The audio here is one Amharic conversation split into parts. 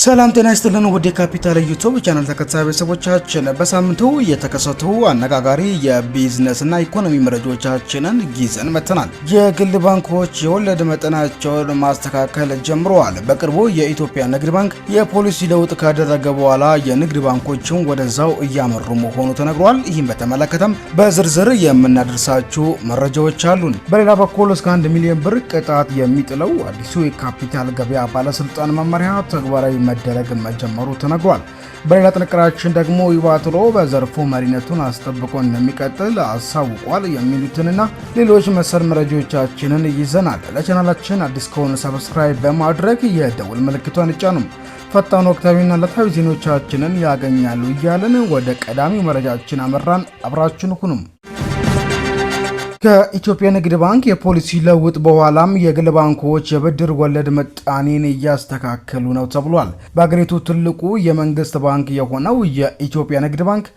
ሰላም ጤና ይስጥልን ውድ የካፒታል ዩቱብ ቻናል ተከታታይ ቤተሰቦቻችን በሳምንቱ የተከሰቱ አነጋጋሪ የቢዝነስና ኢኮኖሚ መረጃዎቻችንን ጊዜን መተናል። የግል ባንኮች የወለድ መጠናቸውን ማስተካከል ጀምረዋል። በቅርቡ የኢትዮጵያ ንግድ ባንክ የፖሊሲ ለውጥ ካደረገ በኋላ የንግድ ባንኮችን ወደዛው እያመሩ መሆኑ ተነግሯል። ይህም በተመለከተም በዝርዝር የምናደርሳችሁ መረጃዎች አሉን። በሌላ በኩል እስከ አንድ ሚሊዮን ብር ቅጣት የሚጥለው አዲሱ የካፒታል ገበያ ባለስልጣን መመሪያ ተግባራዊ መደረግ መጀመሩ ተነግሯል። በሌላ ጥንቅራችን ደግሞ ኢባትሮ በዘርፉ መሪነቱን አስጠብቆ እንደሚቀጥል አሳውቋል የሚሉትንና ሌሎች መሰል መረጃዎቻችንን ይዘናል። ለቻናላችን አዲስ ከሆኑ ሰብስክራይብ በማድረግ የደውል ምልክቷን ይጫኑ። ፈጣን ወቅታዊና ዕለታዊ ዜናዎቻችንን ያገኛሉ እያልን ወደ ቀዳሚ መረጃችን አመራን። አብራችን ሁኑም። ከኢትዮጵያ ንግድ ባንክ የፖሊሲ ለውጥ በኋላም የግል ባንኮች የብድር ወለድ ምጣኔን እያስተካከሉ ነው ተብሏል። በአገሪቱ ትልቁ የመንግስት ባንክ የሆነው የኢትዮጵያ ንግድ ባንክ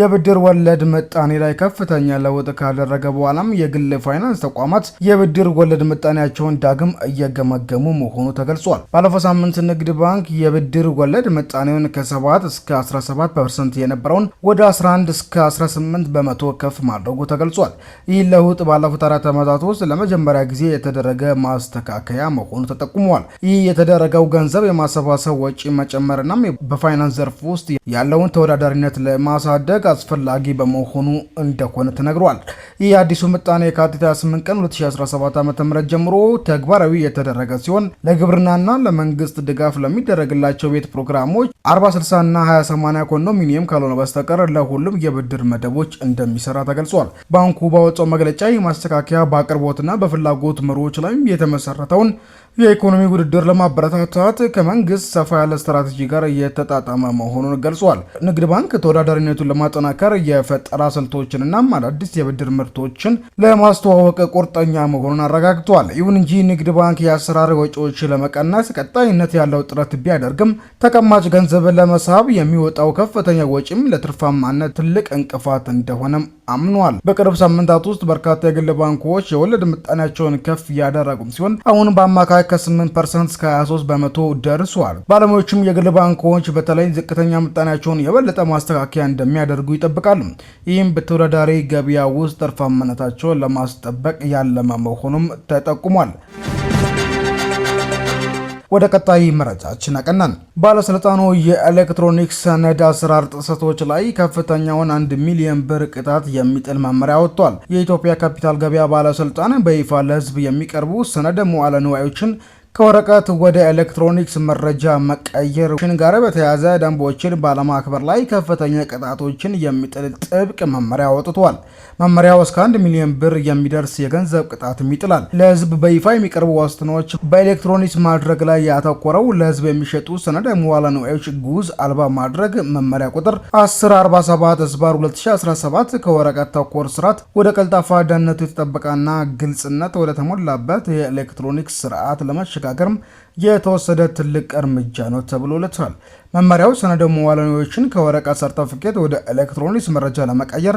የብድር ወለድ ምጣኔ ላይ ከፍተኛ ለውጥ ካደረገ በኋላም የግል ፋይናንስ ተቋማት የብድር ወለድ ምጣኔያቸውን ዳግም እየገመገሙ መሆኑ ተገልጿል። ባለፈው ሳምንት ንግድ ባንክ የብድር ወለድ ምጣኔውን ከ7 እስከ 17 ፐርሰንት የነበረውን ወደ 11 እስከ 18 በመቶ ከፍ ማድረጉ ተገልጿል። ይህ ለውጥ ባለፉት አራት ዓመታት ውስጥ ለመጀመሪያ ጊዜ የተደረገ ማስተካከያ መሆኑ ተጠቁሟል። ይህ የተደረገው ገንዘብ የማሰባሰብ ወጪ መጨመርናም በፋይናንስ ዘርፍ ውስጥ ያለውን ተወዳዳሪነት ለማሳደግ ማድረግ አስፈላጊ በመሆኑ እንደሆነ ተነግሯል። ይህ አዲሱ ምጣኔ የካቲት 28 ቀን 2017 ዓ ም ጀምሮ ተግባራዊ የተደረገ ሲሆን ለግብርናና ለመንግስት ድጋፍ ለሚደረግላቸው ቤት ፕሮግራሞች 460 እና 20 ኮንዶሚኒየም ካልሆነ በስተቀር ለሁሉም የብድር መደቦች እንደሚሰራ ተገልጿል። ባንኩ ባወጣው መግለጫ የማስተካከያ በአቅርቦትና በፍላጎት መሪዎች ላይ የተመሰረተውን የኢኮኖሚ ውድድር ለማበረታታት ከመንግስት ሰፋ ያለ ስትራቴጂ ጋር እየተጣጣመ መሆኑን ገልጿል። ንግድ ባንክ ተወዳዳሪነቱን ለማ በማጠናከር የፈጠራ ስልቶችንና አዳዲስ የብድር ምርቶችን ለማስተዋወቅ ቁርጠኛ መሆኑን አረጋግጧል። ይሁን እንጂ ንግድ ባንክ የአሰራር ወጪዎች ለመቀነስ ቀጣይነት ያለው ጥረት ቢያደርግም ተቀማጭ ገንዘብ ለመሳብ የሚወጣው ከፍተኛ ወጪም ለትርፋማነት ትልቅ እንቅፋት እንደሆነም አምኗል። በቅርብ ሳምንታት ውስጥ በርካታ የግል ባንኮች የወለድ ምጣኔያቸውን ከፍ ያደረጉም ሲሆን አሁን በአማካይ ከ8 ፐርሰንት እስከ 23 በመቶ ደርሷል። ባለሙያዎችም የግል ባንኮች በተለይ ዝቅተኛ ምጣኔያቸውን የበለጠ ማስተካከያ እንደሚያደርጉ እንዲያደርጉ ይጠብቃሉ። ይህም በተወዳዳሪ ገበያ ውስጥ ትርፋማነታቸውን ለማስጠበቅ ያለመ መሆኑም ተጠቁሟል። ወደ ቀጣይ መረጃችን አቀናን። ባለስልጣኑ የኤሌክትሮኒክስ ሰነድ አሰራር ጥሰቶች ላይ ከፍተኛውን አንድ ሚሊዮን ብር ቅጣት የሚጥል መመሪያ ወጥቷል። የኢትዮጵያ ካፒታል ገበያ ባለስልጣን በይፋ ለሕዝብ የሚቀርቡ ሰነድ መዋለ ንዋዮችን ከወረቀት ወደ ኤሌክትሮኒክስ መረጃ መቀየር ጋር በተያያዘ ደንቦችን ባለማክበር ላይ ከፍተኛ ቅጣቶችን የሚጥል ጥብቅ መመሪያ አውጥቷል። መመሪያው እስከ አንድ ሚሊዮን ብር የሚደርስ የገንዘብ ቅጣትም ይጥላል። ለሕዝብ በይፋ የሚቀርቡ ዋስትናዎች በኤሌክትሮኒክስ ማድረግ ላይ ያተኮረው ለሕዝብ የሚሸጡ ሰነድ መዋለ ንዋዮች ጉዝ አልባ ማድረግ መመሪያ ቁጥር 1047 ህዝባር 2017 ከወረቀት ተኮር ስርዓት ወደ ቀልጣፋ ደህንነቱ የተጠበቀና ግልጽነት ወደ ተሞላበት የኤሌክትሮኒክስ ስርዓት ለመሸ का अगर የተወሰደ ትልቅ እርምጃ ነው ተብሎለታል። መመሪያው ሰነደ መዋዕለ ንዋዮችን ከወረቀት ሰርተፍኬት ወደ ኤሌክትሮኒክስ መረጃ ለመቀየር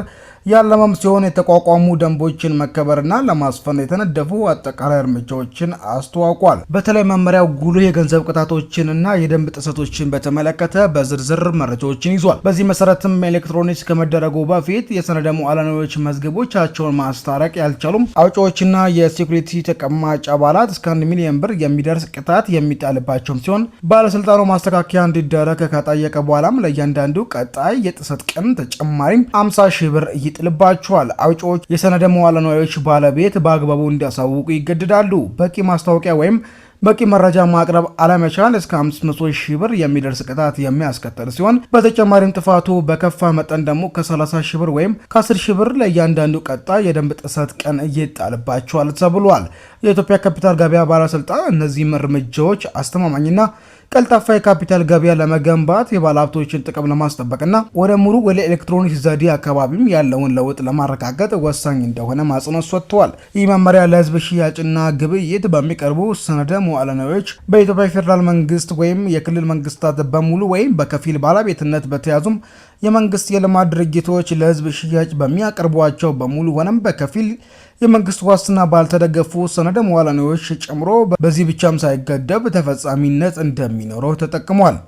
ያለመም ሲሆን የተቋቋሙ ደንቦችን መከበርና ለማስፈን የተነደፉ አጠቃላይ እርምጃዎችን አስተዋውቋል። በተለይ መመሪያው ጉልህ የገንዘብ ቅጣቶችንና የደንብ ጥሰቶችን በተመለከተ በዝርዝር መረጃዎችን ይዟል። በዚህ መሰረትም ኤሌክትሮኒክስ ከመደረጉ በፊት የሰነደ መዋዕለ ንዋዮች መዝገቦቻቸውን ማስታረቅ ያልቻሉም አውጪዎችና የሴኩሪቲ ተቀማጭ አባላት እስከ አንድ ሚሊዮን ብር የሚደርስ ቅጣት ቅጣት የሚጣልባቸውም ሲሆን ባለስልጣኑ ማስተካከያ እንዲደረግ ከጠየቀ በኋላም ለእያንዳንዱ ቀጣይ የጥሰት ቀን ተጨማሪም 50 ሺህ ብር ይጥልባቸዋል። አውጪዎች የሰነደ መዋለ ንዋዮች ባለቤት በአግባቡ እንዲያሳውቁ ይገደዳሉ። በቂ ማስታወቂያ ወይም በቂ መረጃ ማቅረብ አለመቻል እስከ 500 ሺህ ብር የሚደርስ ቅጣት የሚያስከተል ሲሆን በተጨማሪም ጥፋቱ በከፋ መጠን ደግሞ ከ30 ሺህ ብር ወይም ከ10 ሺህ ብር ለእያንዳንዱ ቀጣ የደንብ ጥሰት ቀን እየጣልባቸዋል ተብሏል። የኢትዮጵያ ካፒታል ገበያ ባለስልጣን እነዚህም እርምጃዎች አስተማማኝና ቀልጣፋ የካፒታል ገበያ ለመገንባት የባለሀብቶችን ጥቅም ለማስጠበቅና ወደ ሙሉ ወደ ኤሌክትሮኒክስ ዘዴ አካባቢም ያለውን ለውጥ ለማረጋገጥ ወሳኝ እንደሆነ ማጽንኦት ሰጥተዋል። ይህ መመሪያ ለህዝብ ሽያጭና ግብይት በሚቀርቡ ሰነደ ሙዓለ ንዋዮች በኢትዮጵያ ፌዴራል መንግስት ወይም የክልል መንግስታት በሙሉ ወይም በከፊል ባለቤትነት በተያዙም የመንግስት የልማት ድርጅቶች ለህዝብ ሽያጭ በሚያቀርቧቸው በሙሉ ሆነም በከፊል የመንግስት ዋስትና ባልተደገፉ ሰነደ ሙዓላ ንዋዮች ጨምሮ በዚህ ብቻም ሳይገደብ ተፈጻሚነት እንደሚኖረው ተጠቅሟል።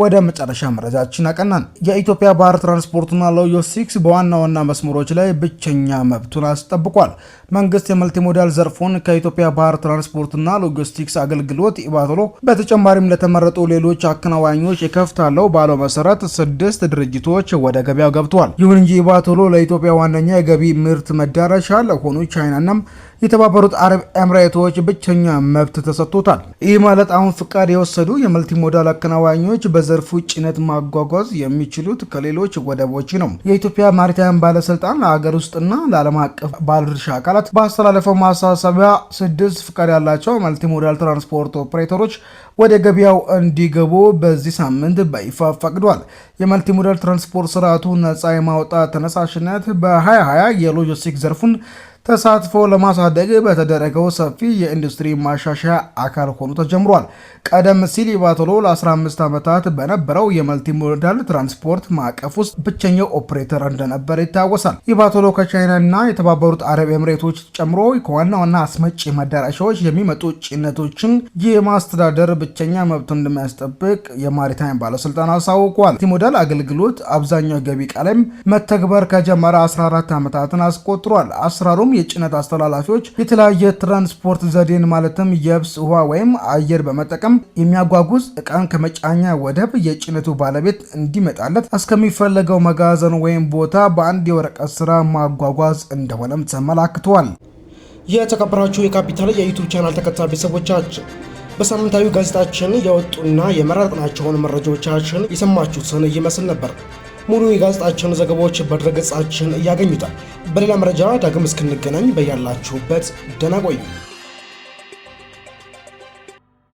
ወደ መጨረሻ መረጃችን አቀናን። የኢትዮጵያ ባህር ትራንስፖርትና ሎዮ ሲክስ በዋና ዋና መስመሮች ላይ ብቸኛ መብቱን አስጠብቋል። መንግስት የመልቲሞዳል ዘርፉን ከኢትዮጵያ ባህር ትራንስፖርትና ሎጂስቲክስ አገልግሎት ኢባቶሎ በተጨማሪም ለተመረጡ ሌሎች አከናዋኞች የከፍታለው ባለው መሰረት ስድስት ድርጅቶች ወደ ገበያው ገብተዋል። ይሁን እንጂ ኢባትሎ ለኢትዮጵያ ዋነኛ የገቢ ምርት መዳረሻ ለሆኑ ቻይናናም የተባበሩት አረብ ኤምሬቶች ብቸኛ መብት ተሰጥቶታል። ይህ ማለት አሁን ፍቃድ የወሰዱ የመልቲሞዳል አከናዋኞች በዘርፉ ጭነት ማጓጓዝ የሚችሉት ከሌሎች ወደቦች ነው። የኢትዮጵያ ማሪታይም ባለስልጣን ለሀገር ውስጥና ለዓለም አቀፍ ባለድርሻ አካላት በአስተላለፈው ማሳሰቢያ ስድስት ፍቃድ ያላቸው መልቲሞዳል ትራንስፖርት ኦፕሬተሮች ወደ ገበያው እንዲገቡ በዚህ ሳምንት በይፋ ፈቅዷል። የመልቲሞዳል ትራንስፖርት ስርዓቱ ነፃ የማውጣት ተነሳሽነት በ2020 የሎጂስቲክስ ዘርፉን ተሳትፎ ለማሳደግ በተደረገው ሰፊ የኢንዱስትሪ ማሻሻያ አካል ሆኖ ተጀምሯል። ቀደም ሲል ኢባቶሎ ለ15 ዓመታት በነበረው የመልቲ ሞዳል ትራንስፖርት ማዕቀፍ ውስጥ ብቸኛው ኦፕሬተር እንደነበረ ይታወሳል። ኢቫቶሎ ከቻይና እና የተባበሩት አረብ ኤምሬቶች ጨምሮ ከዋና ዋና አስመጪ መዳረሻዎች የሚመጡ ጭነቶችን የማስተዳደር ብቸኛ መብቱን እንደሚያስጠብቅ የማሪታይም ባለስልጣን አሳውቋል። ሞዳል አገልግሎት አብዛኛው ገቢ ቀለም መተግበር ከጀመረ 14 ዓመታትን አስቆጥሯል። አሰራሩም እንዲሁም የጭነት አስተላላፊዎች የተለያየ ትራንስፖርት ዘዴን ማለትም የብስ፣ ውሃ ወይም አየር በመጠቀም የሚያጓጉዝ እቃን ከመጫኛ ወደብ የጭነቱ ባለቤት እንዲመጣለት እስከሚፈለገው መጋዘን ወይም ቦታ በአንድ የወረቀት ስራ ማጓጓዝ እንደሆነም ተመላክተዋል። የተከበራችሁ የካፒታል የዩቱብ ቻናል ተከታታይ ቤተሰቦቻችን በሳምንታዊ ጋዜጣችን የወጡና የመረጥናቸውን መረጃዎቻችን የሰማችሁትን ይመስል ነበር። ሙሉ የጋዜጣችን ዘገባዎች በድረገጻችን ያገኙታል። በሌላ መረጃ ዳግም እስክንገናኝ በያላችሁበት ደህና ቆዩ።